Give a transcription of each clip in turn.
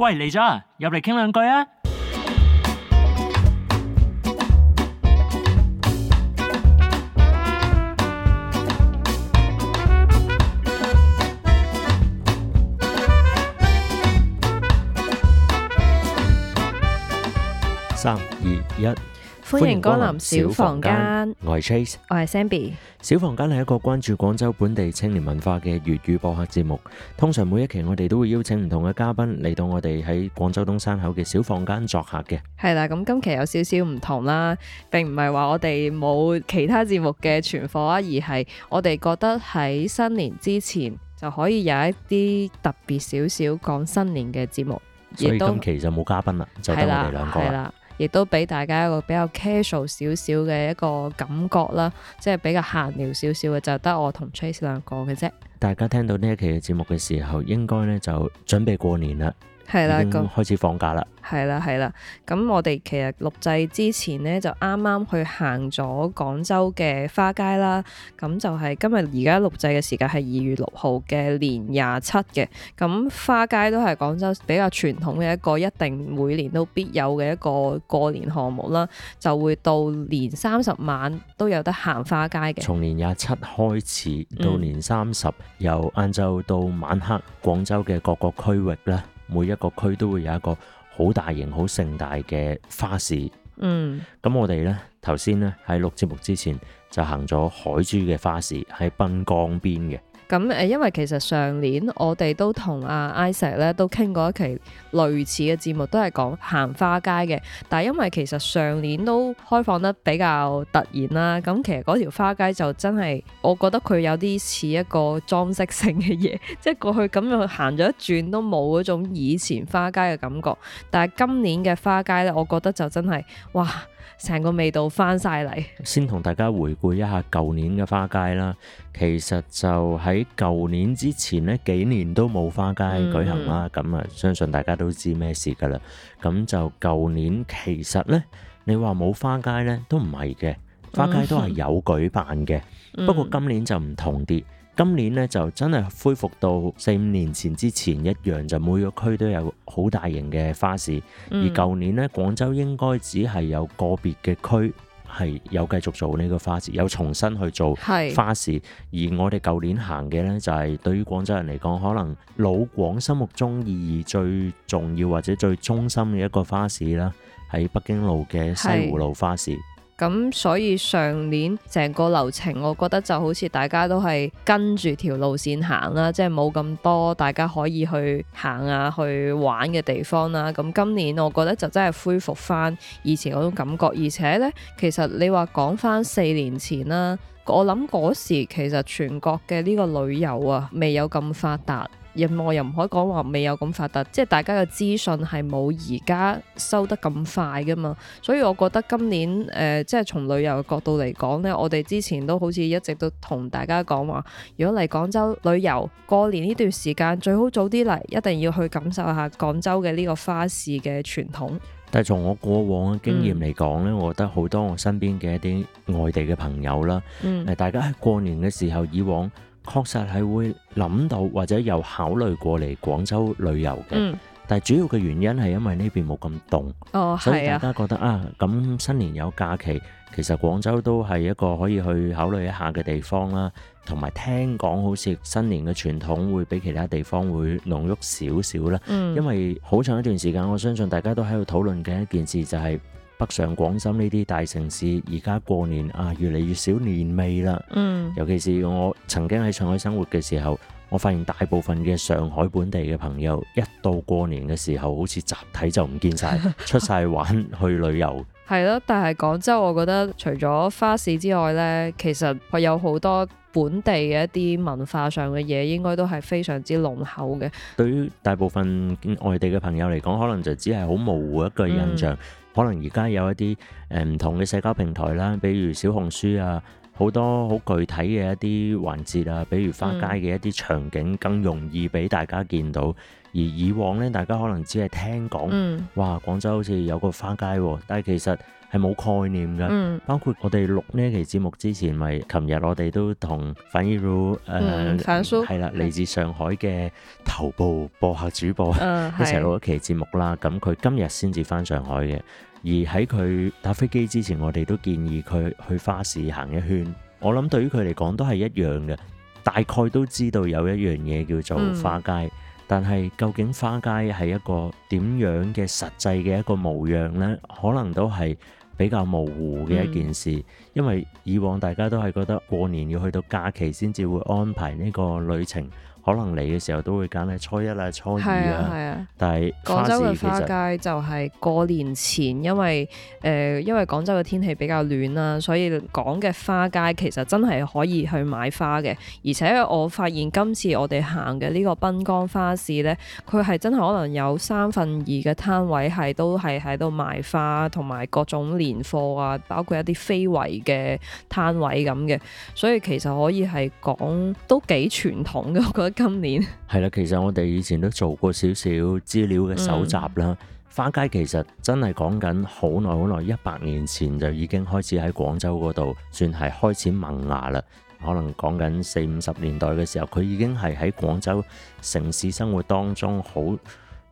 喂，嚟咗啊，入嚟傾兩句啊！三、二、一。歡迎光臨小房間。我係 Trace，我係 Zenbi。小房間係一個關注廣州本地青年文化嘅粵語播客節目。通常每一期我哋都會邀請唔同嘅嘉賓嚟到我哋喺廣州東山口嘅小房間作客嘅。係啦，咁今期有少少唔同啦，並唔係話我哋冇其他節目嘅存貨啊，而係我哋覺得喺新年之前就可以有一啲特別少少講新年嘅節目。所以今期就冇嘉賓啦，就得我哋兩個啦。亦都俾大家一個比較 casual 少少嘅一個感覺啦，即係比較閒聊少少嘅，就得我同 Trace 兩個嘅啫。大家聽到呢一期嘅節目嘅時候，應該呢就準備過年啦。係啦，咁開始放假啦。係啦，係 啦樂。咁我哋其實錄製之前呢，就啱啱去行咗廣州嘅花街啦。咁就係今日而家錄製嘅時間係二月六號嘅年廿七嘅。咁花街都係廣州比較傳統嘅一個，一定每年都必有嘅一個過年項目啦。就會到年三十晚都有得行花街嘅。從年廿七開始到年三十，嗯，由晏晝到晚黑，廣州嘅各個區域咧。每一個區都會有一個好大型、好盛大嘅花市。嗯，咁我哋呢頭先咧喺錄節目之前就行咗海珠嘅花市喺濱江邊嘅。咁誒、嗯，因為其實上年我哋都同阿 Isaac 咧都傾過一期。類似嘅節目都係講行花街嘅，但係因為其實上年都開放得比較突然啦，咁其實嗰條花街就真係，我覺得佢有啲似一個裝飾性嘅嘢，即係過去咁樣行咗一轉都冇嗰種以前花街嘅感覺。但係今年嘅花街呢，我覺得就真係，哇，成個味道翻晒嚟。先同大家回顧一下舊年嘅花街啦，其實就喺舊年之前呢，幾年都冇花街舉行啦，咁啊、嗯、相信大家都知咩事㗎喇，咁就舊年其實呢，你話冇花街呢都唔係嘅，花街都係有舉辦嘅。 不過今年就唔同啲，今年呢，就真係恢復到四五年前之前一樣，就每個區都有好大型嘅花市。 而舊年呢，廣州應該只係有個別嘅區。係有繼續做呢個花市，有重新去做花市。是而我哋舊年行嘅呢，就係、是、對於廣州人嚟講，可能老廣心目中意義最重要或者最中心嘅一個花市啦，喺北京路嘅西湖路花市。咁所以上年成個流程，我覺得就好似大家都係跟住條路線行啦、啊，即係冇咁多大家可以去行啊、去玩嘅地方啦、啊。咁今年我覺得就真係恢復翻以前嗰種感覺，而且咧，其實你話講翻四年前啦、啊，我諗嗰時其實全國嘅呢個旅遊啊，未有咁發達。任何又唔可以講話未有咁發達，即係大家嘅資訊係冇而家收得咁快噶嘛，所以我覺得今年誒、呃、即係從旅遊嘅角度嚟講呢，我哋之前都好似一直都同大家講話，如果嚟廣州旅遊過年呢段時間，最好早啲嚟，一定要去感受下廣州嘅呢個花市嘅傳統。但係從我過往嘅經驗嚟講呢、嗯、我覺得好多我身邊嘅一啲外地嘅朋友啦，誒、嗯、大家喺過年嘅時候以往，確實係會諗到或者有考慮過嚟廣州旅遊嘅，嗯、但係主要嘅原因係因為呢邊冇咁凍，哦、所以大家覺得、嗯、啊，咁新年有假期，其實廣州都係一個可以去考慮一下嘅地方啦。同埋聽講好似新年嘅傳統會比其他地方會濃郁少少啦，嗯、因為好長一段時間，我相信大家都喺度討論嘅一件事就係、是。北上廣深呢啲大城市，而家過年啊，越嚟越少年味啦。嗯，尤其是我曾經喺上海生活嘅時候，我發現大部分嘅上海本地嘅朋友，一到過年嘅時候，好似集體就唔見晒， 出晒玩去旅遊。係咯、 啊，但係廣州，我覺得除咗花市之外呢，其實係有好多本地嘅一啲文化上嘅嘢，應該都係非常之濃厚嘅。對於大部分外地嘅朋友嚟講，可能就只係好模糊一個印象。嗯可能而家有一啲誒唔同嘅社交平台啦，比如小紅書啊，好多好具體嘅一啲環節啊，比如花街嘅一啲場景，更容易俾大家見到。而以往呢，大家可能只係聽講，哇，廣州好似有個花街，但係其實，係冇概念嘅。包括我哋錄呢一期節目之前，咪琴日我哋都同 Fine Ru 誒，係啦，嚟自上海嘅頭部播客主播一齊錄一期節目啦。咁佢今日先至翻上海嘅。而喺佢搭飛機之前，我哋都建議佢去花市行一圈。我諗對於佢嚟講都係一樣嘅，大概都知道有一樣嘢叫做花街，嗯、但係究竟花街係一個點樣嘅實際嘅一個模樣呢？可能都係比較模糊嘅一件事，嗯、因為以往大家都係覺得過年要去到假期先至會安排呢個旅程。可能嚟嘅時候都會揀喺初一啦，初二係啊，啊啊但係廣州嘅花街就係過年前，因為誒、呃、因為廣州嘅天氣比較暖啦，所以講嘅花街其實真係可以去買花嘅。而且我發現今次我哋行嘅呢個濱江花市咧，佢係真係可能有三分二嘅攤位係都係喺度賣花，同埋各種年貨啊，包括一啲非遺嘅攤位咁嘅，所以其實可以係講都幾傳統嘅，我覺得。今年係啦，其實我哋以前都做過少少資料嘅搜集啦。嗯、花街其實真係講緊好耐好耐，一百年前就已經開始喺廣州嗰度算係開始萌芽啦。可能講緊四五十年代嘅時候，佢已經係喺廣州城市生活當中好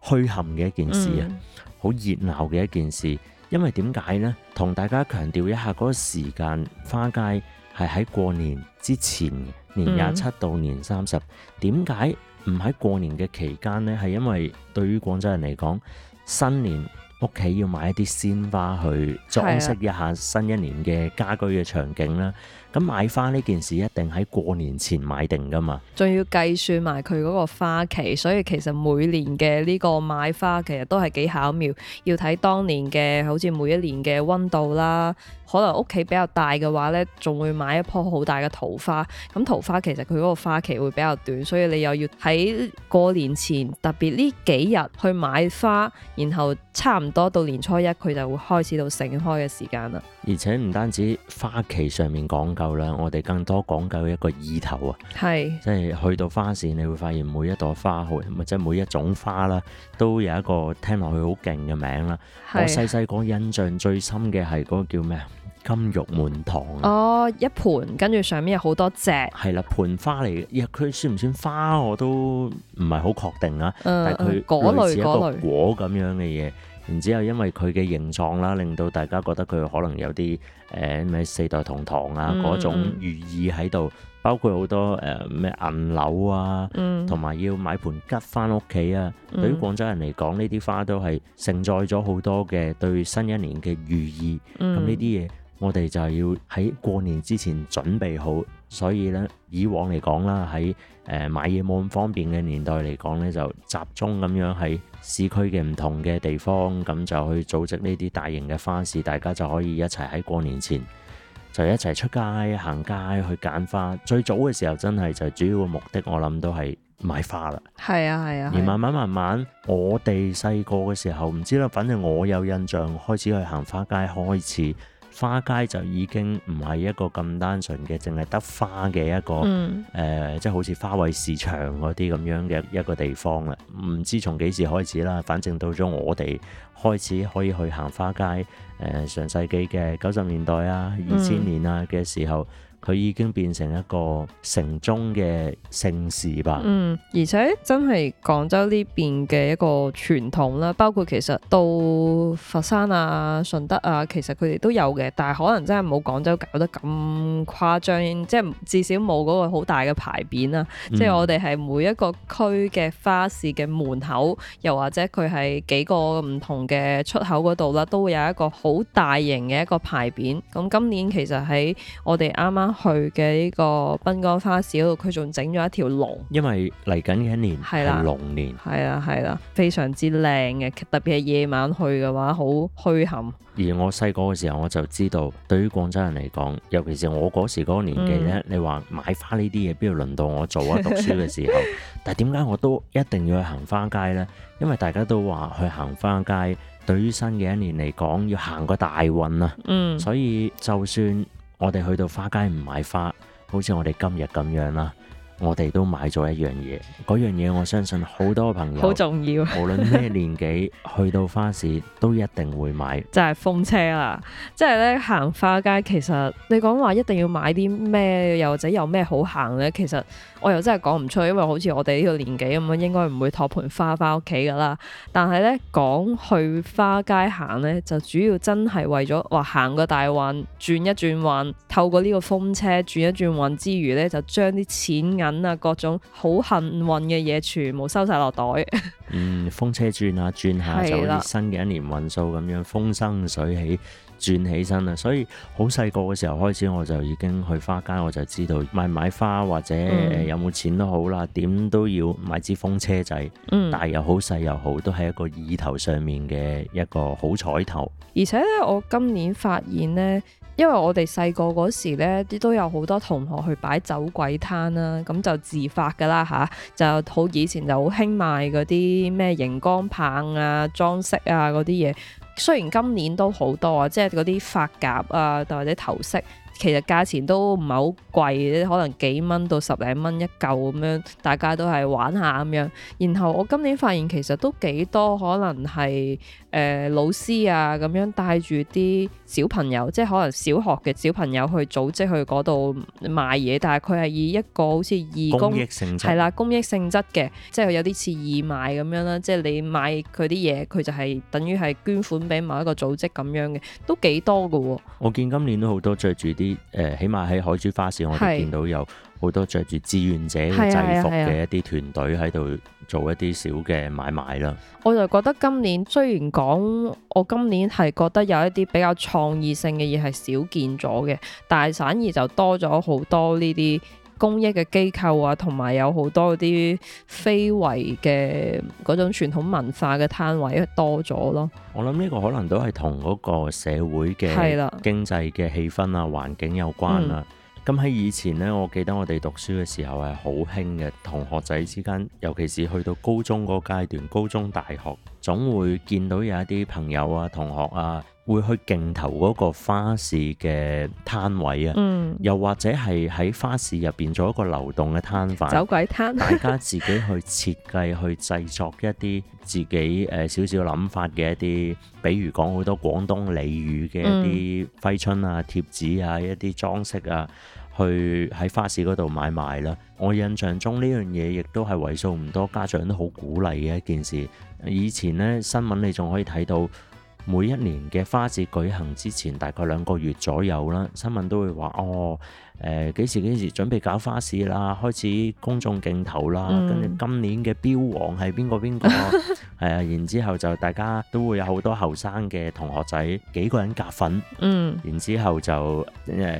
墟冚嘅一件事啊，好熱鬧嘅一件事。因為點解呢？同大家強調一下，嗰個時間花街係喺過年之前。年廿七到年三十，點解唔喺過年嘅期間呢？係因為對於廣州人嚟講，新年屋企要買一啲鮮花去裝飾一下新一年嘅家居嘅場景啦。咁買花呢件事一定喺過年前買定噶嘛仲要計算埋佢個花期，所以其實每年嘅呢個買花其實都係幾巧妙，要睇當年嘅好似每一年嘅溫度啦，可能屋企比較大嘅話咧，仲會買一棵好大嘅桃花。咁桃花其實佢個花期會比較短，所以你又要喺過年前特別呢幾日去買花，然後差唔多到年初一佢就會開始到盛開嘅時間啦。而且唔單止花期上面講緊，我哋更多講究一個意頭啊，係是即係去到花市，你會發現每一朵花，或者每一種花啦，都有一個聽落去好勁嘅名啦。是我細細個印象最深嘅係嗰個叫咩啊？金玉滿堂哦，一盆跟住上面有好多隻係啦，盆花嚟嘅，佢算唔算花我都唔係好確定啊，呃、但係它佢類似類一個果咁樣嘅嘢。然之後，因為佢嘅形狀啦，令到大家覺得佢可能有啲誒咩四代同堂啊嗰、嗯、種寓意喺度，包括好多誒咩銀柳啊，同埋、嗯、要買盆桔翻屋企啊。嗯、對於廣州人嚟講，呢啲花都係盛載咗好多嘅對新一年嘅寓意。咁呢啲嘢，我哋就係要喺過年之前準備好。所以咧，以往嚟講啦，喺誒、呃、買嘢冇咁方便嘅年代嚟講咧，就集中咁樣喺市區嘅唔同嘅地方，咁就去組織呢啲大型嘅花市，大家就可以一齊喺過年前就一齊出街行街去揀花。最早嘅時候真係就主要嘅目的，我諗都係買花啦。係啊，係啊。啊而慢慢慢慢，我哋細個嘅時候唔知啦，反正我有印象，開始去行花街開始。花街就已經唔係一個咁單純嘅，淨係得花嘅一個誒、嗯呃，即係好似花卉市場嗰啲咁樣嘅一個地方啦。唔知從幾時開始啦，反正到咗我哋開始可以去行花街誒、呃、上世紀嘅九十年代啊、二千年啊嘅時候。嗯佢已經變成一個城中嘅盛事吧。嗯，而且真係廣州呢邊嘅一個傳統啦，包括其實到佛山啊、順德啊，其實佢哋都有嘅，但係可能真係冇廣州搞得咁誇張，即係至少冇嗰個好大嘅牌匾啊。嗯、即係我哋係每一個區嘅花市嘅門口，又或者佢係幾個唔同嘅出口嗰度啦，都會有一個好大型嘅一個牌匾。咁今年其實，喺我哋啱啱。去嘅呢個濱江花市嗰度，佢仲整咗一條龍，因為嚟緊嘅一年係龍年，係啦，係啦，非常之靚嘅，特別係夜晚去嘅話，好墟冚。而我細個嘅時候我就知道，對於廣州人嚟講，尤其是我嗰時嗰個年紀咧，嗯、你話買花呢啲嘢邊度輪到我做啊？讀書嘅時候， 但係點解我都一定要去行花街呢？因為大家都話去行花街對於新嘅一年嚟講，要行個大運啊，嗯、所以就算。我哋去到花街唔買花，好似我哋今日咁樣啦。我哋都買咗一樣嘢，嗰樣嘢我相信好多朋友，好重要。 無論咩年紀，去到花市都一定會買， 就係風車啦。即係咧行花街，其實你講話一定要買啲咩，又或者有咩好行呢？其實我又真係講唔出，因為好似我哋呢個年紀咁樣，應該唔會托盆花返屋企噶啦。但係呢，講去花街行呢，就主要真係為咗話行個大運，轉一轉運，透過呢個風車轉一轉運之餘呢，就將啲錢。人啊，各種好幸運嘅嘢，全部收晒落袋。 嗯，風車轉下、啊、轉下，就好似新嘅一年運數咁樣，風生水起，轉起身啦。所以好細個嘅時候開始，我就已經去花街，我就知道，買唔買花或者、呃、有冇錢都好啦，點都要買支風車仔。大又、嗯、好，細又好，都係一個意頭上面嘅一個好彩頭。而且咧，我今年發現呢。因為我哋細個嗰時咧，啲都有好多同學去擺走鬼攤啦，咁就自發噶啦吓，就好以前就好興賣嗰啲咩熒光棒啊、裝飾啊嗰啲嘢。雖然今年都好多啊，即係嗰啲髮夾啊，或者頭飾，其實價錢都唔係好貴，可能幾蚊到十零蚊一嚿咁樣，大家都係玩下咁樣。然後我今年發現其實都幾多可能係。誒、呃、老師啊，咁樣帶住啲小朋友，即係可能小學嘅小朋友去組織去嗰度賣嘢，但係佢係以一個好似義工，係啦，公益性質嘅，即係有啲似義賣咁樣啦。即係你買佢啲嘢，佢就係、是、等於係捐款俾某一個組織咁樣嘅，都幾多噶。我見今年都好多着住啲誒，起碼喺海珠花市我是，我哋見到有好多着住志願者制服嘅一啲團隊喺度，做一啲小嘅買賣啦，我就覺得今年，雖然講我今年係覺得有一啲比較創意性嘅嘢係少見咗嘅，但係反而就多咗好多呢啲公益嘅機構啊，同埋有好多啲非遺嘅嗰種傳統文化嘅攤位多咗咯。我諗呢個可能都係同嗰個社會嘅經濟嘅氣氛啊、環境有關啦、啊。嗯咁喺以前呢，我記得我哋讀書嘅時候係好興嘅，同學仔之間，尤其是去到高中嗰階段，高中大學總會見到有一啲朋友啊、同學啊，會去競投嗰個花市嘅攤位啊，嗯，又或者係喺花市入邊做一個流動嘅攤販，走鬼攤，大家自己去設計、 去製作一啲自己誒少少諗法嘅一啲，比如講好多廣東俚語嘅一啲揮春啊、貼紙啊、一啲裝飾啊。去喺花市嗰度買賣啦！我印象中呢樣嘢亦都係為數唔多，家長都好鼓勵嘅一件事。以前呢新聞你仲可以睇到，每一年嘅花市舉行之前大概兩個月左右啦，新聞都會話哦，誒、呃、幾時幾時準備搞花市啦，開始公眾競投啦，跟住、嗯、今年嘅標王係邊個邊個，係、嗯、啊，然之後就大家都會有好多後生嘅同學仔幾個人夾份，嗯，然之後就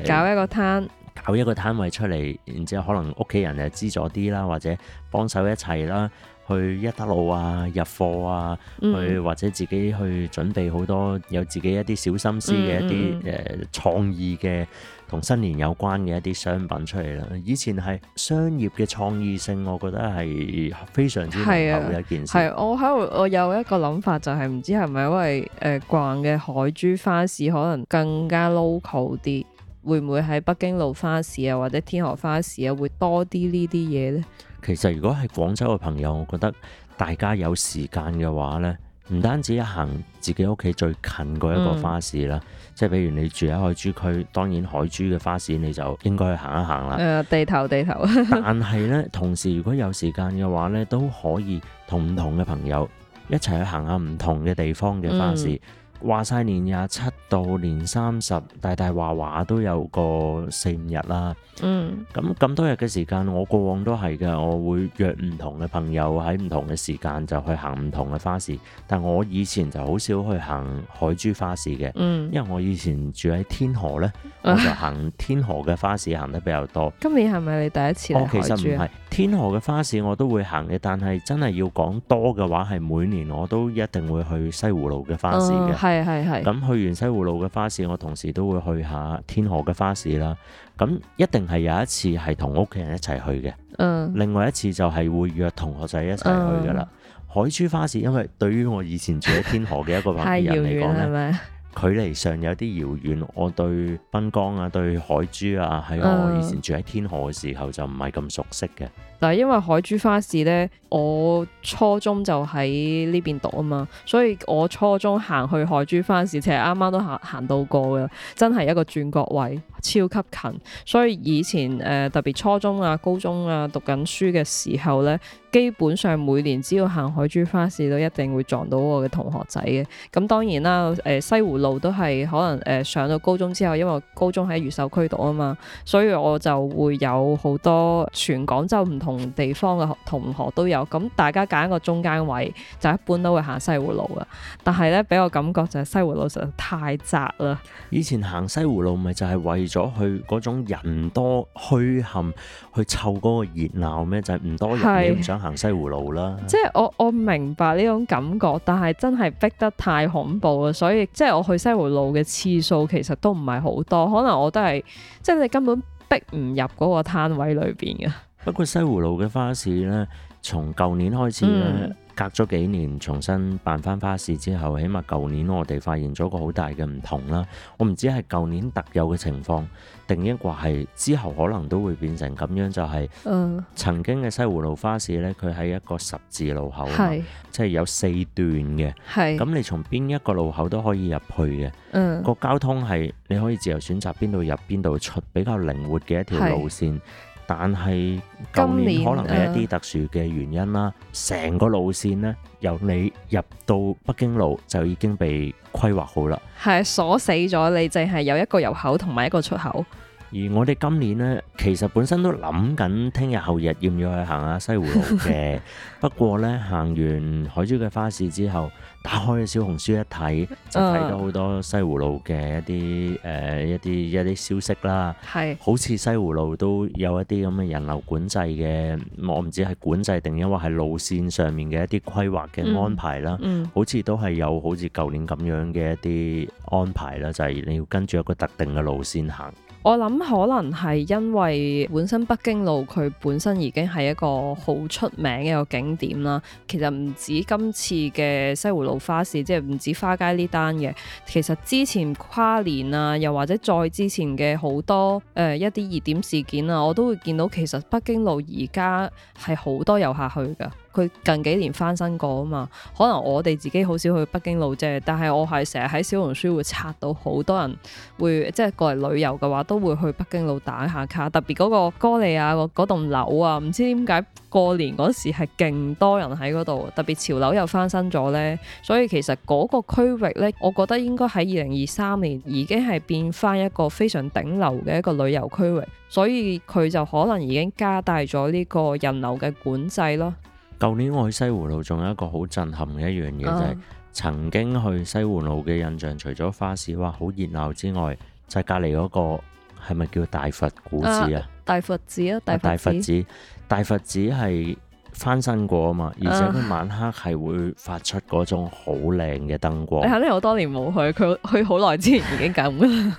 搞一個攤。搞一個攤位出嚟，然之後可能屋企人就資助啲啦，或者幫手一齊啦，去一德路啊入貨啊，去、嗯、或者自己去準備好多有自己一啲小心思嘅一啲誒、嗯嗯呃、創意嘅同新年有關嘅一啲商品出嚟啦。以前係商業嘅創意性，我覺得係非常之難得嘅一件事。係我喺度，我有一個諗法，就是，就係唔知係咪因為誒逛嘅海珠花市可能更加 local 啲。會唔會喺北京路花市啊，或者天河花市啊，會多啲呢啲嘢呢？其實如果係廣州嘅朋友，我覺得大家有時間嘅話呢，唔單止一行自己屋企最近嗰一個花市啦，嗯、即係比如你住喺海珠區，當然海珠嘅花市你就應該去行一行啦。誒、呃，地頭地頭。 但係呢，同時如果有時間嘅話呢，都可以同唔同嘅朋友一齊去行下唔同嘅地方嘅花市。嗯話晒年廿七到年三十，大大話話都有個四五日啦。嗯，咁咁多日嘅時間，我過往都係嘅，我會約唔同嘅朋友喺唔同嘅時間就去行唔同嘅花市。但我以前就好少去行海珠花市嘅，嗯、因為我以前住喺天河咧，我就行天河嘅花市行得比較多。 今年係咪你第一次嚟海珠啊？哦、其實唔係？天河嘅花市我都會行嘅，但係真係要講多嘅話，係每年我都一定會去西湖路嘅花市嘅。嗯係係係，咁去完西湖路嘅花市，我同時都會去下天河嘅花市啦。咁一定係有一次係同屋企人一齊去嘅，嗯，另外一次就係會約同學仔一齊去㗎喇。嗯、海珠花市，因為對於我以前住喺天河嘅一個朋友嚟講咧。距離上有啲遙遠，我對濱江啊、對海珠啊，喺、哎、我以前住喺天河嘅時候就唔係咁熟悉嘅、嗯。但係因為海珠花市咧，我初中就喺呢邊讀啊嘛，所以我初中行去海珠花市，其實啱啱都行行到過嘅，真係一個轉角位，超級近。所以以前誒、呃、特別初中啊、高中啊讀緊書嘅時候咧，基本上每年只要行海珠花市，都一定會撞到我嘅同學仔嘅。咁當然啦，誒、呃、西湖路都係可能誒、呃、上到高中之後，因為高中喺越秀區度啊嘛，所以我就會有好多全廣州唔同地方嘅同學都有。咁大家揀一個中間位，就一般都會行西湖路啊。但係咧，俾我感覺就係西湖路實在太窄啦。以前行西湖路咪就係為咗去嗰種人多墟冚，去湊嗰個熱鬧咩？就係、是、唔多人，是你唔想行西湖路啦。即係我我明白呢種感覺，但係真係逼得太恐怖啦，所以即係我去西湖路嘅次數其實都唔係好多，可能我都係，即係你根本逼唔入嗰個攤位裏邊嘅。不過西湖路嘅花市咧，從舊年開始咧。嗯隔咗幾年重新辦翻花市之後，起碼舊年我哋發現咗個好大嘅唔同啦。我唔知係舊年特有嘅情況，定抑或係之後可能都會變成咁樣，就係、是、曾經嘅西湖路花市呢佢喺一個十字路口是即係有四段嘅，咁是你從邊一個路口都可以入去嘅，是個交通係你可以自由選擇邊度入邊度出，比較靈活嘅一條路線。但係，今年可能係一啲特殊嘅原因啦，成年、啊、個路線呢由你入到北京路就已經被規劃好啦，係鎖死咗，你淨係有一個入口同埋一個出口。而我哋今年呢，其實本身都諗緊聽日、後日要唔要去行下西湖路嘅。 不過呢，行完海珠嘅花市之後，打開小紅書一睇，就睇到好多西湖路嘅一啲誒、呃、一啲一啲消息啦。係是好似西湖路都有一啲咁嘅人流管制嘅。我唔知係管制定，因為係路線上面嘅一啲規劃嘅安排啦、嗯嗯。好似都係有好似舊年咁樣嘅一啲安排啦，就係、是、你要跟住一個特定嘅路線行。我諗可能係因為本身北京路佢本身已經係一個好出名嘅一個景點啦。其實唔止今次嘅西湖路花市，即係唔止花街呢單嘢。其實之前跨年啊，又或者再之前嘅好多誒、呃、一啲熱點事件啊，我都會見到其實北京路而家係好多遊客去噶。佢近幾年翻新過啊嘛，可能我哋自己好少去北京路啫。但係我係成日喺小紅書會刷到好多人會即係過嚟旅遊嘅話，都會去北京路打下卡。特別嗰個歌莉亞嗰，嗰棟樓啊，唔知點解過年嗰時係勁多人喺嗰度。特別潮流又翻新咗呢。所以其實嗰個區域呢，我覺得應該喺二零二三年已經係變翻一個非常頂流嘅一個旅遊區域。所以佢就可能已經加大咗呢個人流嘅管制咯。舊年我去西湖路，仲有一個好震撼嘅一樣嘢，啊、就係曾經去西湖路嘅印象，除咗花市哇好熱鬧之外，就係隔籬嗰個係咪叫大佛古寺啊？大佛寺啊，大佛寺，啊、大佛寺係翻身過啊嘛，而且佢晚黑係會發出嗰種好靚嘅燈光。你肯定好多年冇去，佢去好耐之前已經咁啦。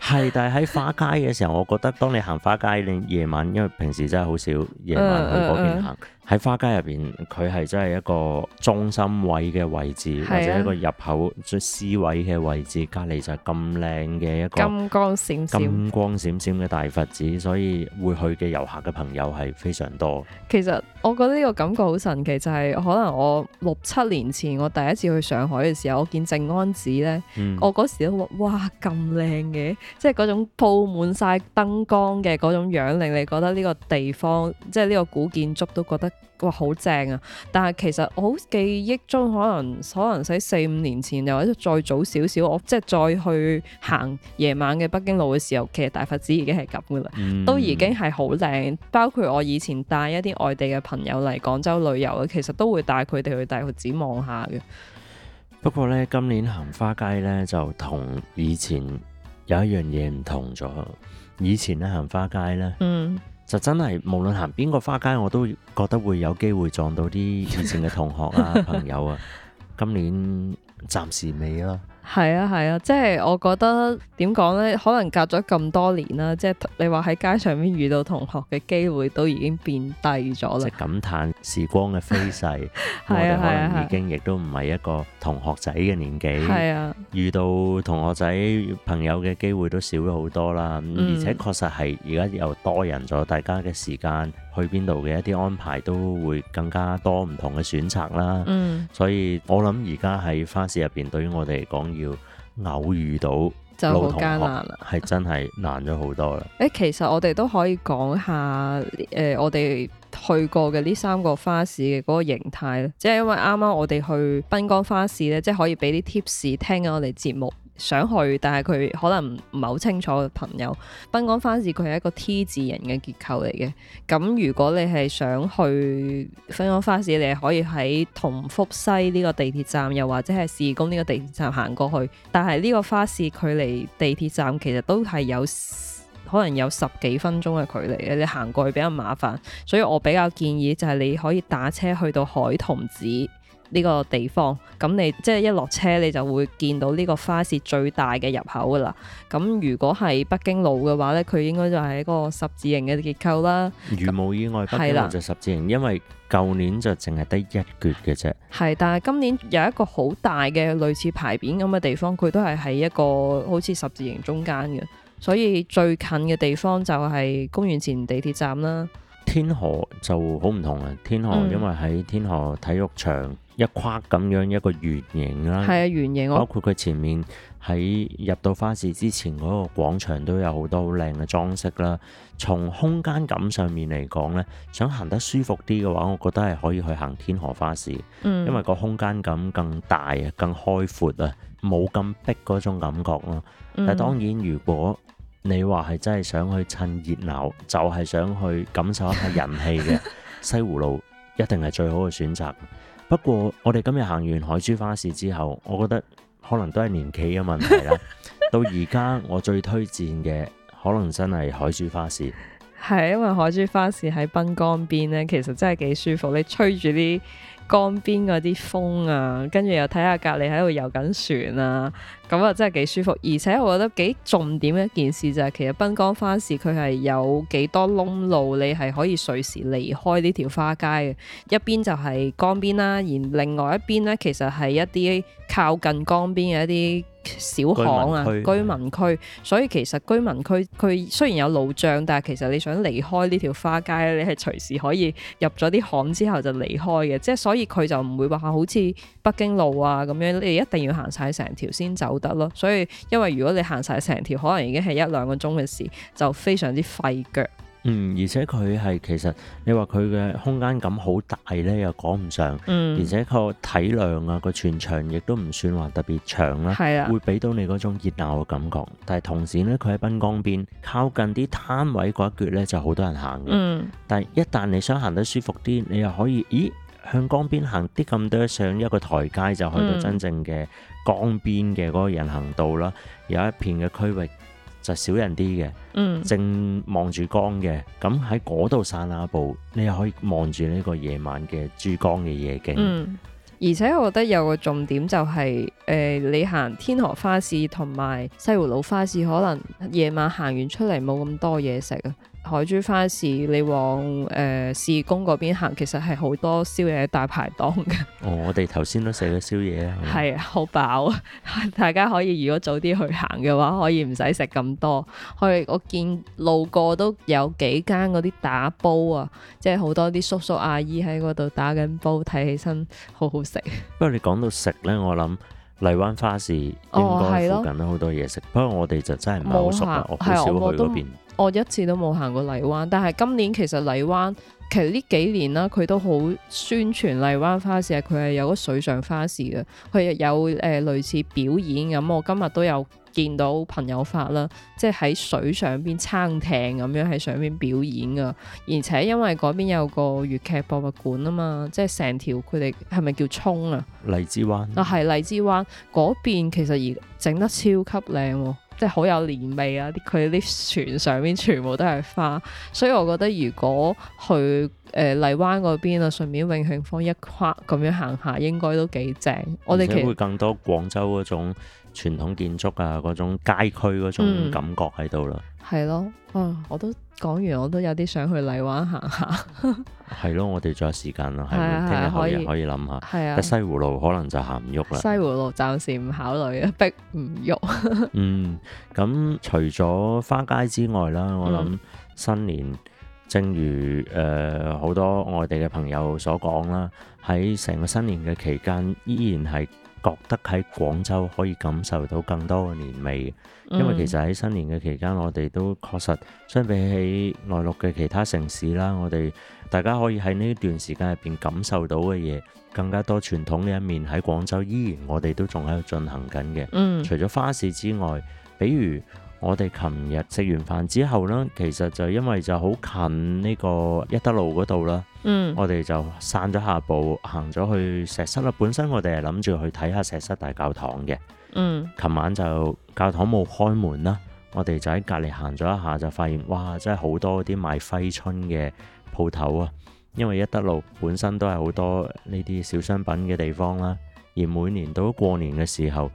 係，但係喺花街嘅時候，我覺得當你行花街，你夜晚因為平時真係好少夜晚去嗰邊行。啊啊啊喺花街入邊，佢係真係一個中心位嘅位置，啊、或者一個入口即 C 位嘅位置，隔離就係咁靚嘅一個金光閃閃金光閃閃嘅大佛寺，所以會去嘅遊客嘅朋友係非常多。其實我覺得呢個感覺好神奇，就係、是、可能我六七年前我第一次去上海嘅時候，我見靜安寺咧，嗯、我嗰時都話：哇，咁靚嘅！即係嗰種鋪滿曬燈光嘅嗰種樣，令你覺得呢個地方，即係呢個古建築都覺得。哇，好正啊！但係其實我記憶中可能可能喺四五年前又或者再早少少，我即係再去行夜晚嘅北京路嘅時候，其實大佛寺已經係咁噶啦，嗯、都已經係好靚。包括我以前帶一啲外地嘅朋友嚟廣州旅遊，其實都會帶佢哋去大佛寺望下嘅。不過呢，今年行花街呢，就同以前有一樣嘢唔同咗。以前咧，行花街呢，嗯。就真係，無論行邊個花街，我都覺得會有機會撞到啲以前嘅同學啊、朋友啊。 今年暫時未啦。係啊，係啊，即係我覺得點講咧，可能隔咗咁多年啦，即係你話喺街上面遇到同學嘅機會都已經變低咗啦。即感嘆時光嘅飛逝，係 啊，係啊，啊我哋可能已經亦都唔係一個同學仔嘅年紀，係啊，遇到同學仔朋友嘅機會都少咗好多啦。而且確實係而家又多人咗，大家嘅時間、嗯、去邊度嘅一啲安排都會更加多唔同嘅選擇啦。嗯，所以我諗而家喺花市入邊，對於我哋嚟講，要偶遇到就好艱難啦，係 真係難咗好多啦。誒，其實我哋都可以講下，誒、呃，我哋去過嘅呢三個花市嘅嗰個形態咧，即係因為啱啱我哋去濱江花市咧，即係可以俾啲 tips 聽緊我哋節目。想去，但係佢可能唔係好清楚嘅朋友。濱江花市佢係一個 T 字形嘅結構嚟嘅。咁如果你係想去濱江花市，你可以喺同福西呢個地鐵站，又或者係市工呢個地鐵站行過去。但係呢個花市距離地鐵站其實都係有可能有十幾分鐘嘅距離嘅，你行過去比較麻煩。所以我比較建議就係你可以打車去到海桐寺。呢個地方，咁你即係、就是、一落車你就會見到呢個花市最大嘅入口噶啦。咁如果係北京路嘅話呢，佢應該就係一個十字形嘅結構啦。如無意外，北京路就十字形，的因為舊年就淨係得一橛嘅啫。係，但係今年有一個好大嘅類似牌匾咁嘅地方，佢都係喺一個好似十字形中間嘅，所以最近嘅地方就係公園前地鐵站啦。天河就好唔同啊！天河因為喺天河體育場一框咁樣一個圓形啦，係啊圓形。包括佢前面喺入到花市之前嗰個廣場都有好多好靚嘅裝飾啦。從空間感上面嚟講咧，想行得舒服啲嘅話，我覺得係可以去行天河花市，嗯，因為個空間感更大啊，更開闊啊，冇咁逼嗰種感覺咯。但當然如果。你話係真係想去趁熱鬧，就係、是、想去感受一下人氣嘅西湖路，一定係最好嘅選擇。不過我哋今日行完海珠花市之後，我覺得可能都係年紀嘅問題啦。到而家我最推薦嘅，可能真係海珠花市。係 因為海珠花市喺濱江邊咧，其實真係幾舒服。你吹住啲江邊嗰啲風啊，跟住又睇下隔籬喺度遊緊船啊。咁啊，真係幾舒服，而且我覺得幾重點一件事就係、是、其實濱江花市佢係有幾多窿路，你係可以隨時離開呢條花街嘅。一邊就係江邊啦，而另外一邊咧，其實係一啲靠近江邊嘅一啲小巷啊，居民區，所以其實居民區佢雖然有路障，但係其實你想離開呢條花街咧，你係隨時可以入咗啲巷之後就離開嘅。即係所以佢就唔會話好似北京路啊咁樣，你一定要行晒成條先走。得咯，所以因為如果你行晒成條，可能已經係一兩個鐘嘅事，就非常之費腳。嗯，而且佢係其實你話佢嘅空間感好大呢，又講唔上。嗯、而且個體量啊，個全場亦都唔算話特別長啦。係啊、嗯，會俾到你嗰種熱鬧嘅感覺。但係同時呢，佢喺濱江邊靠近啲攤位嗰一橛呢，就好多人行嘅。嗯、但係一旦你想行得舒服啲，你又可以，咦，向江邊行啲咁多，上一個台階就去到真正嘅、嗯。江邊嘅嗰個人行道啦，有一片嘅區域就少人啲嘅。嗯、正望住江嘅，咁喺嗰度散下步，你可以望住呢個夜晚嘅珠江嘅夜景。嗯，而且我覺得有個重點就係、是，誒、呃，你行天河花市同埋西湖路花市，可能夜晚行完出嚟冇咁多嘢食啊。海珠花市，你往誒市工嗰邊行，其實係好多宵夜大排檔嘅。哦，我哋頭先都食咗宵夜啊，係好 飽。 大家可以如果早啲去行嘅話，可以唔使食咁多。我我見路過都有幾間嗰啲打煲啊，即係好多啲叔叔阿姨喺嗰度打緊煲，睇起身好好食。不過你講到食呢，我諗。荔灣花市應該附近好多嘢食，哦、不過我哋就真係唔係好熟行我，我好少去嗰邊。我一次都冇行過荔灣，但係今年其實荔灣其實呢幾年啦，佢都好宣傳荔灣花市啊，佢係有個水上花市嘅，佢有誒、呃、類似表演咁、嗯，我今日都有。見到朋友發啦，即係喺水上邊撐艇咁樣喺上面表演啊。而且因為嗰邊有個粵劇博物館啊嘛，即係成條佢哋係咪叫涌啊？荔枝灣啊，係荔枝灣嗰邊，其實而整得超級靚喎。即係好有年味啊！佢啲船上面全部都係花，所以我覺得如果去誒、呃、荔灣嗰邊啊，順便永慶坊一跨咁樣行下應，應該都幾正。我哋而且會更多廣州嗰種傳統建築啊，嗰種街區嗰種感覺喺度、嗯、咯，係咯，啊，我都。講完我都有啲想去荔灣行下。係 咯，我哋仲有時間啦，係聽日可以想想可以諗下。係啊，西湖路可能就行唔喐啦，西湖路暫時唔考慮啊，逼唔喐。 嗯，咁除咗花街之外啦，我諗新年，嗯、正如誒好、呃、多外地嘅朋友所講啦，喺成個新年嘅期間依然係。覺得喺廣州可以感受到更多嘅年味，因為其實喺新年嘅期間，我哋都確實相比起內陸嘅其他城市啦，我哋大家可以喺呢段時間入邊感受到嘅嘢，更加多傳統嘅一面喺廣州，依然我哋都仲喺度進行緊嘅。嗯，除咗花市之外，比如，我哋琴日食完飯之後呢，其實就因為就好近呢個一德路嗰度啦，嗯，我哋就散咗下步，行咗去石室啦。本身我哋係諗住去睇下石室大教堂嘅，嗯，琴晚就教堂冇開門啦，我哋就喺隔離行咗一下，就發現哇，真係好多啲賣揮春嘅鋪頭啊。因為一德路本身都係好多呢啲小商品嘅地方啦，啊，而每年到咗過年嘅時候，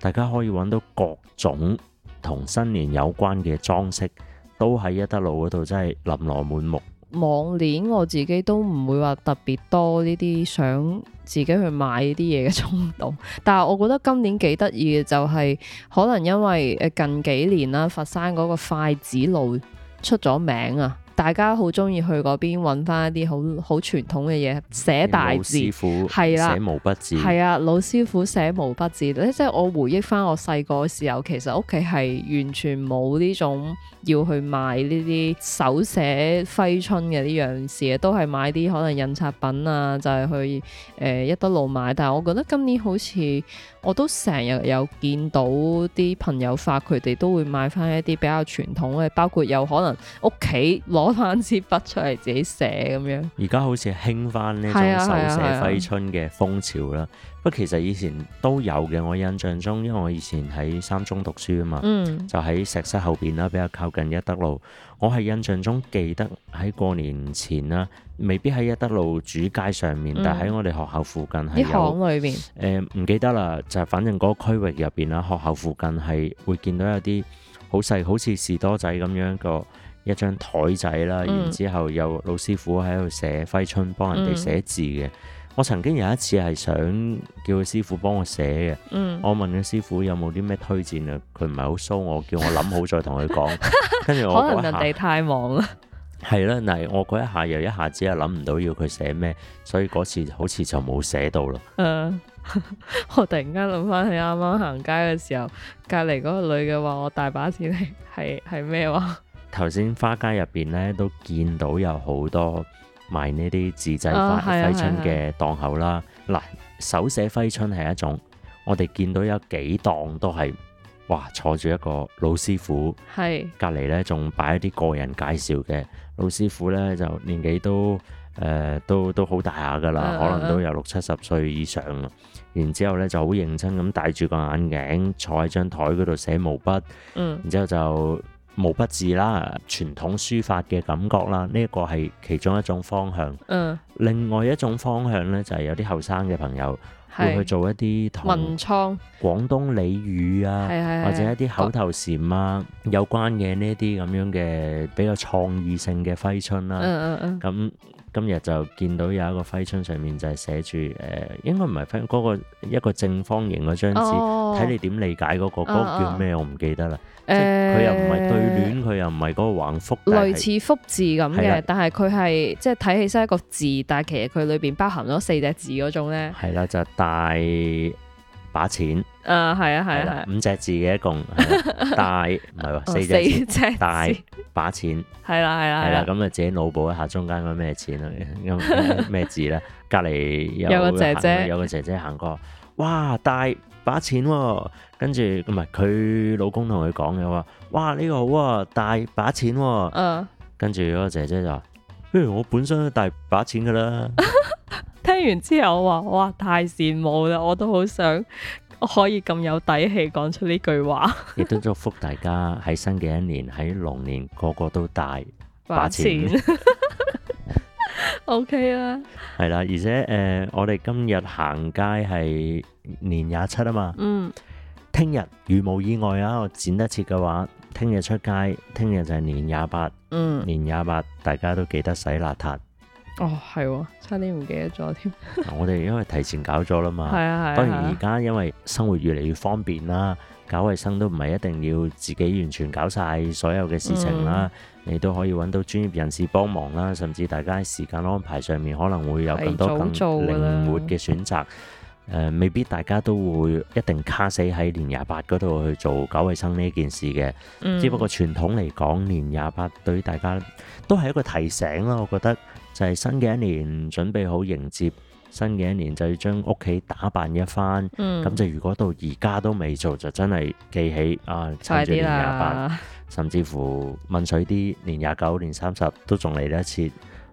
大家可以揾到各種，同新年有關嘅裝飾都喺一德路嗰度，真係琳琅滿目。往年我自己都唔會話特別多呢啲想自己去買啲嘢嘅衝動，但係我覺得今年幾得意嘅就係，可能因為誒近幾年啦、啊，佛山嗰個筷子路出咗名啊。大家好中意去嗰邊揾翻一啲好好傳統嘅嘢，寫大字係啦，師傅寫毛筆字係啊，老師傅寫毛筆字，即係我回憶翻我細個嘅時候，其實屋企係完全冇呢種要去買呢啲手寫揮春嘅呢樣嘢，都係買啲可能印刷品啊，就係去誒、呃、一德路買。但係我覺得今年好似我都成日有見到啲朋友發佢哋都會買翻一啲比較傳統嘅，包括有可能屋企攞翻支筆出嚟自己寫咁樣，而家好似興翻呢種手寫揮春嘅風潮啦。不過、啊啊啊、其實以前都有嘅，我印象中，因為我以前喺三中讀書啊嘛，嗯、就喺石室後邊啦，比較靠近一德路。我係印象中記得喺過年前啦，未必喺一德路主街上面，嗯、但喺我哋學校附近係有裏邊。誒唔、嗯呃、記得啦，就係、是、反正嗰個區域入邊啦，學校附近係會見到有啲好細好似士多仔咁樣個一張台仔啦，然之後有老師傅喺度寫揮春，嗯、幫人哋寫字嘅。嗯、我曾經有一次係想叫師傅幫我寫嘅，嗯、我問佢師傅，有冇啲咩推薦啊？佢唔係好疏我，叫我諗好再同佢講。跟住 可能人哋太忙啦。係啦，嗱，我嗰一下又一下子又諗唔到要佢寫咩，所以嗰次好似就冇寫到咯。Uh, 我突然間諗翻起啱啱行街嘅時候，隔籬嗰個女嘅話，我大把錢係？係咩話？ 頭先花街入邊咧，都見到有好多賣呢啲自製花揮、啊、春嘅檔口啦。嗱、啊，手寫揮春係一種，我哋見到有幾檔都係，哇，坐住一個老師傅，係隔離咧，仲擺一啲個人介紹嘅老師傅咧，就年紀都誒、呃，都都好大下噶啦，的可能都有六七十歲以上。然之後咧就好認真咁戴住個眼鏡，坐喺張台嗰度寫毛筆，嗯，然之後就。嗯毛筆字啦，傳統書法嘅感覺啦，呢一個係其中一種方向。嗯。另外一種方向呢，就係、是、有啲後生嘅朋友會去做一啲同廣東俚語啊，或者一啲口頭禪啊、嗯、有關嘅呢啲咁樣嘅比較創意性嘅揮春啦、啊嗯。嗯咁、嗯、今日就見到有一個揮春上面就係寫住誒、呃，應該唔係揮，嗰、那個一個正方形嗰張紙，睇、哦、你點理解嗰、那個，嗰、那個叫咩？我唔記得啦。誒，佢又唔係對聯，佢又唔係嗰個橫幅，類似福字咁嘅，但係佢係即係睇起身一個字，但係其實佢裏邊包含咗四隻字嗰種咧。係啦，就大把錢。啊，係啊，係啊，五隻字嘅，一共大唔係話四隻字，大把錢。係啦，係啦，係啦，咁啊自己腦補一下中間嗰咩錢啊，咁咩字咧？隔籬有個姐姐，有個姐姐行過，哇，大把錢。跟住唔係佢老公同佢講嘅話，哇呢、這個好啊，大把錢、啊。嗯，uh, 跟住嗰個姐姐就，不、哎、如我本身都大把錢噶啦。 聽完之後我話，哇太羨慕啦，我都好想可以咁有底氣講出呢句話。亦 都祝福大家喺新嘅一年，喺龍年個個都大把錢。O K 啦，係啦，而且誒、呃，我哋今日行街係年廿七啊嘛，嗯。聽日如無意外啊，我剪得切嘅話，聽日出街，聽日就係年廿八，嗯，年廿八，大家都記得洗邋遢。哦，係、哦，差啲唔記得咗添。我哋因為提前搞咗啦嘛，係、啊啊、當然而家因為生活越嚟越方便啦，搞衛生都唔係一定要自己完全搞晒所有嘅事情啦，嗯、你都可以揾到專業人士幫忙啦，嗯、甚至大家喺時間安排上面可能會有更多更靈活嘅選擇。嗯嗯嗯誒、呃、未必大家都會一定卡死喺年廿八嗰度去做搞衞生呢件事嘅，嗯、只不過傳統嚟講年廿八對於大家都係一個提醒啦。我覺得就係新嘅一年準備好迎接新嘅一年，就要將屋企打扮一番。咁、嗯、就如果到而家都未做，就真係記起啊，趁住年廿八，甚至乎問水啲年廿九、年三十都仲嚟得切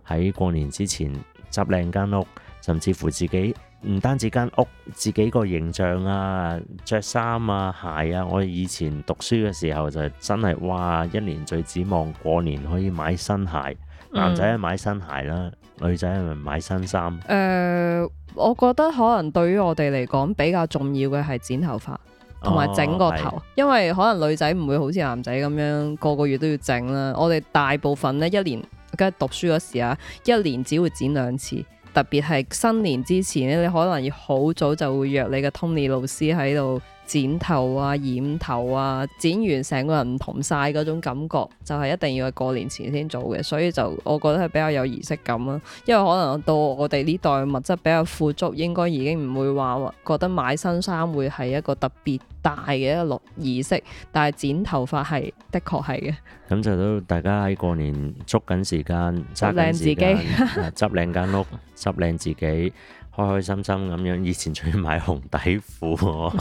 喺過年之前執靚間屋，甚至乎自己。唔單止間屋，自己個形象啊，着衫啊、鞋啊。我以前讀書嘅時候就真係，哇！一年最指望過年可以買新鞋，男仔買新鞋啦，嗯、女仔咪買新衫。誒、呃，我覺得可能對於我哋嚟講比較重要嘅係剪頭髮同埋整個頭，哦、因為可能女仔唔會好似男仔咁樣個個月都要整啦。我哋大部分咧一年，梗係讀書嗰時啊，一年只會剪兩次。特別係新年之前咧，你可能要好早就會約你嘅 Tony 老師喺度。剪頭啊、染頭啊、剪完成個人唔同晒嗰種感覺，就係一定要係過年前先做嘅，所以就我覺得係比較有儀式感咯。因為可能到我哋呢代物質比較富足，應該已經唔會話覺得買新衫會係一個特別大嘅一落儀式，但係剪頭髮係的確係嘅。咁就都大家喺過年捉緊時間，執靚自己，執靚間屋，執靚自己。開開心心咁樣，以前仲要買紅底褲，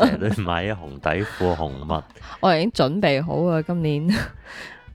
成日 都買啲紅底褲紅襪。 我已經準備好啊，今年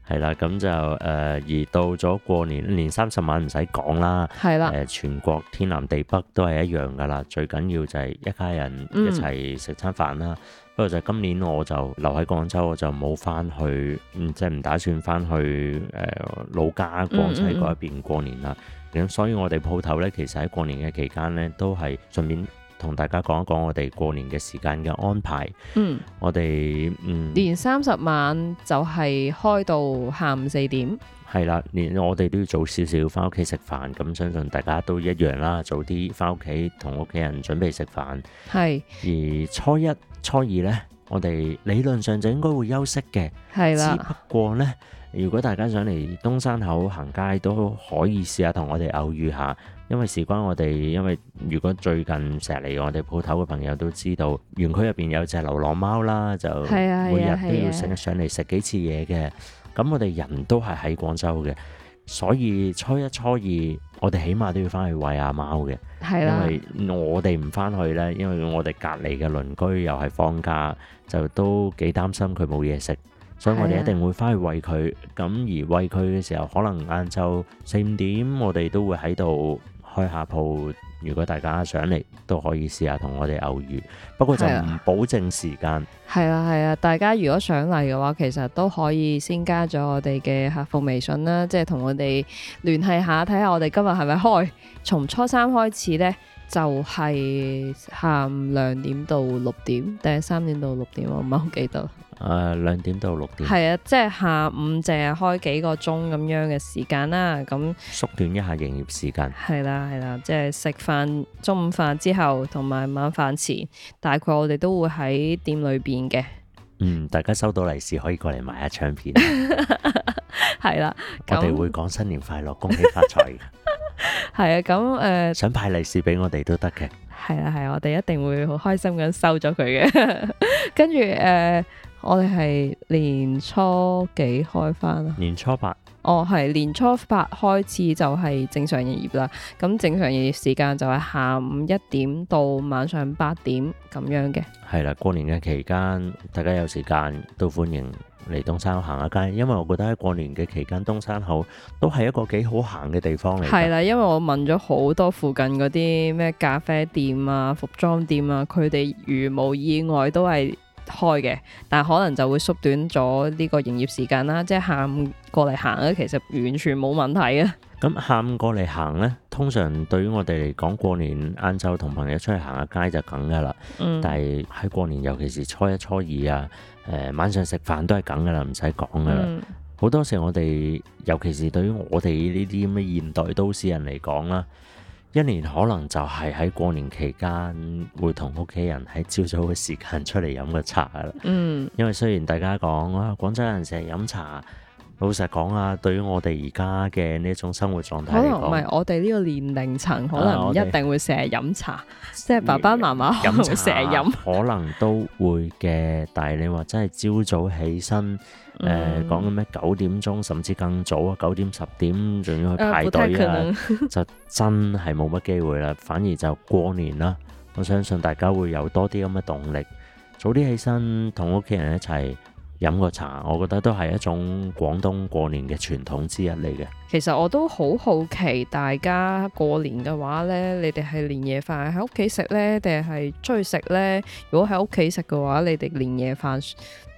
係啦，咁 就誒、呃，而到咗過年，年三十晚唔使講啦，係啦的，誒、呃，全國天南地北都係一樣噶啦，最緊要就係一家人一齊食餐飯啦。嗯嗯。不過就今年我就留喺廣州，我就冇翻去，即係唔打算翻去誒、呃、老家廣西嗰一邊過年啦。咁、嗯嗯、所以我哋鋪頭呢，其實喺過年嘅期間呢，都係順便同大家講一講我哋過年嘅時間嘅安排。嗯，我哋嗯年三十晚就係開到下午四點。係啦，連我哋都要早少少翻屋企食飯，咁相信大家都一樣啦，早啲翻屋企同屋企人準備食飯。係，的而初一、初二呢，我哋理論上就應該會休息嘅。係啦的。只不過呢，如果大家想嚟東山口行街，都可以試下同我哋偶遇下，因為時關事關我哋，因為如果最近成日嚟我哋鋪頭嘅朋友都知道，園區入邊有隻流浪貓啦，就每日都要上上嚟食幾次嘢嘅。咁我哋人都係喺廣州嘅，所以初一初二我哋起碼都要翻去餵下貓嘅，係啊，因為我哋唔翻去呢，因為我哋隔離嘅鄰居又係放假，就都幾擔心佢冇嘢食，所以我哋一定會翻去餵佢。咁的而餵佢嘅時候，可能晏晝四五點，我哋都會喺度開下鋪。如果大家想嚟都可以試下同我哋偶遇，不過就唔保證時間。係啦、啊，係啊，大家如果想嚟嘅話，其實都可以先加咗我哋嘅客服微信啦，即係同我哋聯繫下，睇下我哋今日係咪開從初三開始呢。就係下午兩點到六點，定係三點到六點，我唔係好記得。誒，兩點到六點，係啊，即係下午淨係開幾個鐘咁樣嘅時間啦。咁縮短一下營業時間，係啦係啦，即係食飯，中午飯之後同埋晚飯前，大概我哋都會喺店裏邊嘅。嗯，大家收到利是可以過嚟買下唱片，係啦、 啊。我哋會講新年快樂，恭喜發財。 係 啊，咁誒，uh, 想派利是俾我哋都得嘅。係啊，係啊，我哋一定會好開心咁收咗佢嘅。跟住誒，uh, 我哋係年初幾開返啊？年初八。哦，係啊，年初八開始就係正常營業啦。咁正常營業時間就係下午一點到晚上八點咁樣嘅。係啦，啊，過年嘅期間，大家有時間都歡迎，嚟東山口行下街，因為我覺得喺過年嘅期間，東山口都係一個幾好行嘅地方嚟。係啦，因為我問咗好多附近嗰啲咩咖啡店啊、服裝店啊，佢哋如無意外都係開嘅，但係可能就會縮短咗呢個營業時間啦。即係下午過嚟行咧，其實完全冇問題嘅。咁下午過嚟行咧，通常對於我哋嚟講，過年晏晝同朋友出去行下街就梗㗎啦。嗯，但係喺過年，尤其是初一、初二啊。呃、晚上食飯都係梗㗎啦，唔使講㗎啦。嗯、好多時我哋，尤其是對於我哋呢啲咁嘅現代都市人嚟講啦，一年可能就係喺過年期間會同屋企人喺朝早嘅時間出嚟飲個茶㗎啦。嗯，因為雖然大家講啊，廣州人成日飲茶。老實講啊，對於我哋而家嘅呢一種生活狀態嚟講，可能唔係我哋呢個年齡層，可能唔一定會成日飲茶，啊、即係爸爸媽媽成日飲，茶 可能都會嘅。但係你話真係朝早起身，誒、呃，講緊咩九點鐘甚至更早啊，九點十點仲要去排隊、呃、就真係冇乜機會啦。 反而就過年啦，我相信大家會有多啲咁嘅動力，早啲起身同屋企人一齊。飲個茶，我覺得都係一種廣東過年嘅傳統之一嚟嘅。其實我都好好奇，大家過年嘅話呢，你哋係年夜飯喺屋企食呢？定係出去食呢？如果喺屋企食嘅話，你哋年夜飯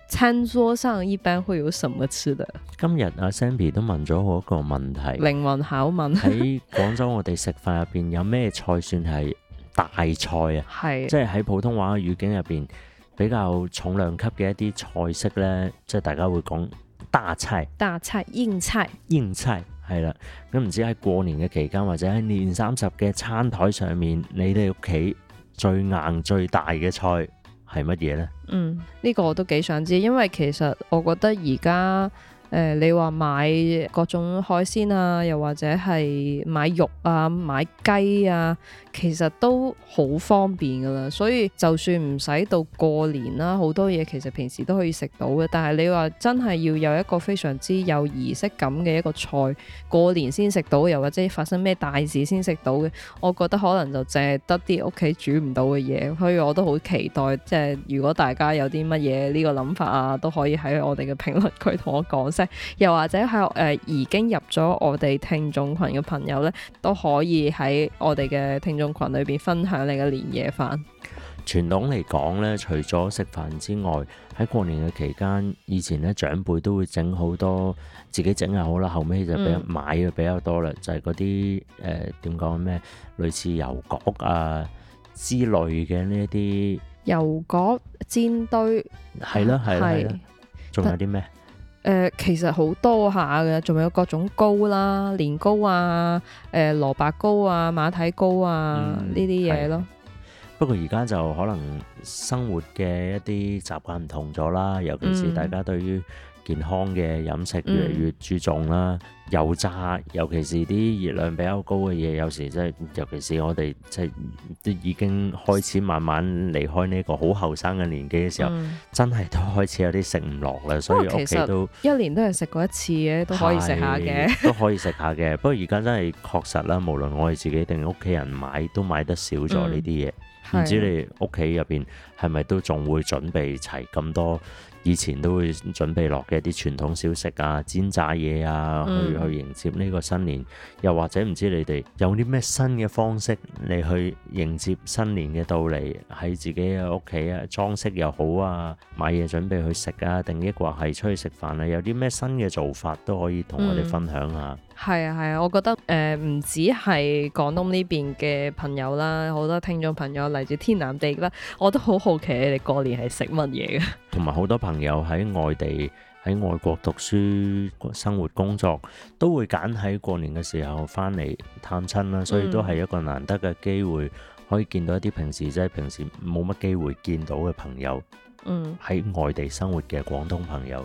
餐桌上一般會有什麼吃的？今日阿 Sammy 都問咗我一個問題，靈魂拷問喺廣 州，我哋食飯入邊有咩菜算係大菜啊？係是，即係喺普通話語境入邊。比較重量級嘅一啲菜式呢，即係大家會講大菜、大菜、硬菜、硬菜，係啦。咁唔知喺過年嘅期間，或者喺年三十嘅餐台上面，你哋屋企最硬最大嘅菜係乜嘢呢？嗯，呢個我都幾想知，因為其實我覺得而家誒，你話買各種海鮮啊，又或者係買肉啊，買雞啊。其實都好方便噶啦，所以就算唔使到過年啦，好多嘢其實平時都可以食到嘅。但係你話真係要有一個非常之有儀式感嘅一個菜，過年先食到，又或者發生咩大事先食到嘅，我覺得可能就淨係得啲屋企煮唔到嘅嘢。所以我都好期待，即係如果大家有啲乜嘢呢個諗法啊，都可以喺我哋嘅評論區同我講聲。又或者係誒、呃、已經入咗我哋聽眾群嘅朋友呢，都可以喺我哋嘅聽。用群裏邊分享你嘅年夜飯。傳統嚟講咧，除咗食飯之外，喺過年嘅期間，以前咧，長輩都會整好多，自己整又好啦，後尾就比較買嘅比較多啦，嗯、就係嗰啲誒，點講咩，類似油角啊之類嘅呢一啲，油角煎堆。係咯係咯。仲、啊啊啊啊啊、有啲咩？誒、呃、其實好多下嘅，仲有各種糕啦，年糕啊，誒、呃、蘿蔔糕啊，馬蹄糕啊呢啲嘢咯。不過而家就可能生活嘅一啲習慣唔同咗啦，尤其是大家對於、嗯。健康嘅飲食越嚟越注重啦，嗯、油炸尤其是啲熱量比較高嘅嘢，有時真、就、係、係，尤其是我哋即係都已經開始慢慢離開呢個好後生嘅年紀嘅時候，嗯、真係都開始有啲食唔落啦。所以屋企都一年都係食過一次嘅，都可以食下嘅，都可以食下嘅。 不過而家真係確實啦，無論我哋自己定屋企人買，都買得少咗呢啲嘢。唔、嗯嗯、知你屋企入邊係咪都仲會準備齊咁多？以前都會準備落嘅一啲傳統小食啊、煎炸嘢啊，去去迎接呢個新年。嗯，又或者唔知你哋有啲咩新嘅方式嚟去迎接新年嘅到嚟，喺自己嘅屋企啊裝飾又好啊，買嘢準備去食啊，定抑或係出去食飯啊，有啲咩新嘅做法都可以同我哋分享下。嗯係啊係啊，我覺得誒唔、呃、止係廣東呢邊嘅朋友啦，好多聽眾朋友嚟自天南地北，我都好好奇你哋過年係食乜嘢嘅。同埋好多朋友喺外地、喺外國讀書、生活、工作，都會揀喺過年嘅時候翻嚟探親啦，所以都係一個難得嘅機會，嗯、可以見到一啲平時即係、就是、平時冇乜機會見到嘅朋友。嗯，喺外地生活嘅廣東朋友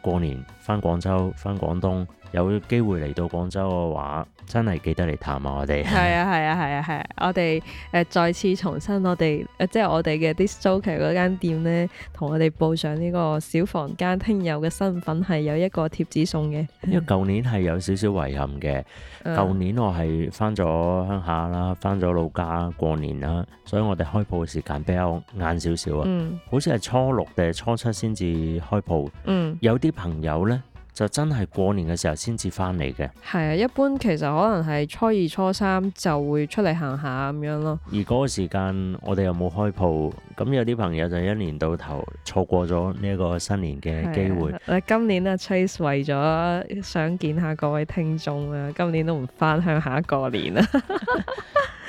過年翻廣州、翻廣東。有機會嚟到廣州嘅話，真係記得嚟探下我哋。係啊，係 啊，係啊，係、啊啊！我哋誒、呃、再次重申，我哋、呃、即係我哋嘅啲 DISC JOKER 嗰間店咧，同我哋報上呢個小房間聽友嘅身份係有一個貼紙送嘅。 因為舊年係有少少遺憾嘅，舊、嗯、年我係翻咗鄉下啦，翻咗老家過年啦，所以我哋開鋪嘅時間比較晏少少啊。嗯。好似係初六定係初七先至開鋪。嗯。有啲朋友咧。就真係過年嘅時候先至翻嚟嘅。係啊，一般其實可能係初二、初三就會出嚟行下咁樣咯。而嗰個時間，我哋又冇開鋪，咁有啲朋友就一年到頭錯過咗呢一個新年嘅機會、啊。今年啊 Trace 為咗想見下各位聽眾啊，今年都唔翻鄉下過年啦。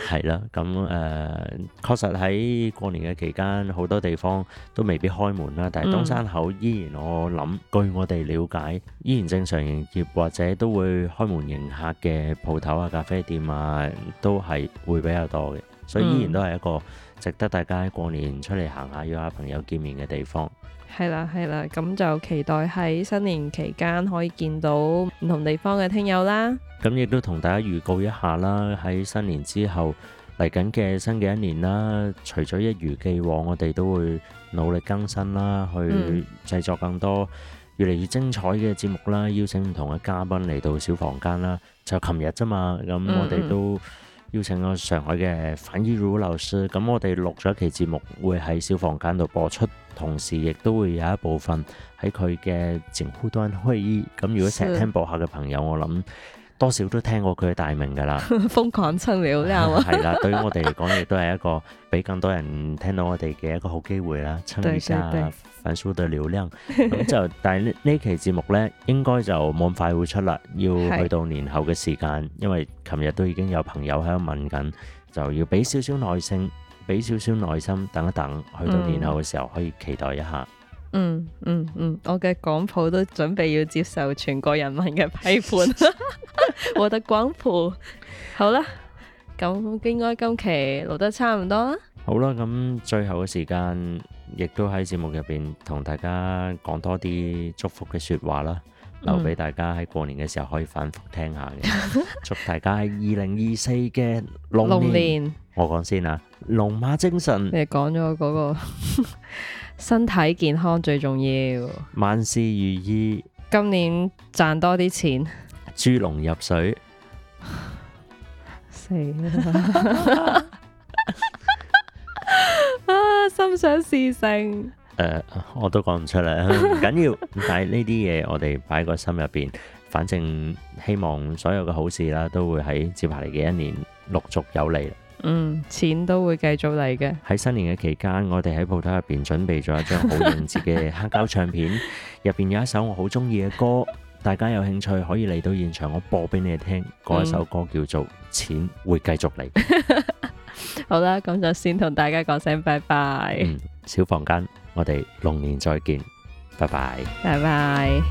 係 啦、啊，咁誒、呃，確實喺過年嘅期間，好多地方都未必開門啦。但係東山口依然我，我諗、嗯、據我哋了解。依然正常營業，或者都會開門迎客嘅鋪頭啊、咖啡店啊，都係會比較多嘅，所以依然都係一個值得大家喺過年出嚟行下、約下朋友見面嘅地方。係啦、嗯，係啦，咁就期待喺新年期間可以見到唔同地方嘅聽友啦。咁亦都同大家預告一下啦，喺新年之後嚟緊嘅新嘅一年啦，除咗一如既，既往，我哋都會努力更新啦，去製作更多、嗯。越嚟越精彩嘅節目啦，邀請唔同嘅嘉賓嚟到小房間啦。就琴日啫嘛，咁我哋都邀請咗上海嘅反伊魯老師。咁我哋錄咗一期節目，會喺小房間度播出，同時亦都會有一部分喺佢嘅直播端可以。咁如果成日聽播客嘅朋友，是我諗。多少都聽過佢嘅大名噶啦，瘋 狂蹭流量。係 啦、啊啊，對於我哋嚟講亦都係一個俾更多人聽到我哋嘅一個好機會啦，蹭而家粉絲嘅流量。咁 就，但係呢呢期節目呢，應該就冇咁快會出啦，要去到年後嘅時間。是因為琴日都已經有朋友喺度問緊，就要俾少少耐性，俾少少耐心，等一等，去到年後嘅時候可以期待一下。嗯嗯嗯嗯，我嘅廣普都準備要接受全國人民嘅批判。我得廣普。好啦，咁應該今期錄得差唔多啦。好啦，咁最後嘅時間亦都喺節目入邊同大家講多啲祝福嘅說話啦，留俾大家喺過年嘅時候可以反覆聽下嘅。祝大家喺二零二四嘅龍年，我講先啊，龍馬精神。你講咗嗰個。身體健康最重要，萬事如意，今年賺多啲錢，豬籠入水，死 啊！心想事成，誒、呃，我都講唔出嚟，唔緊要， 但係呢啲嘢我哋擺個心入邊， 反正希望所有嘅好事啦，都會喺接下嚟嘅一年陸續有利。嗯，錢都會繼續嚟嘅。喺新年嘅期間，我哋喺鋪頭入邊準備咗一張好應節嘅黑膠唱片，入邊 有一首我好中意嘅歌，大家有興趣可以嚟到現場，我播俾你哋聽。嗰一首歌叫做《錢會繼續嚟》。 好啦，咁就先同大家講聲拜拜。嗯，小房間，我哋龍年再見，拜拜，拜拜。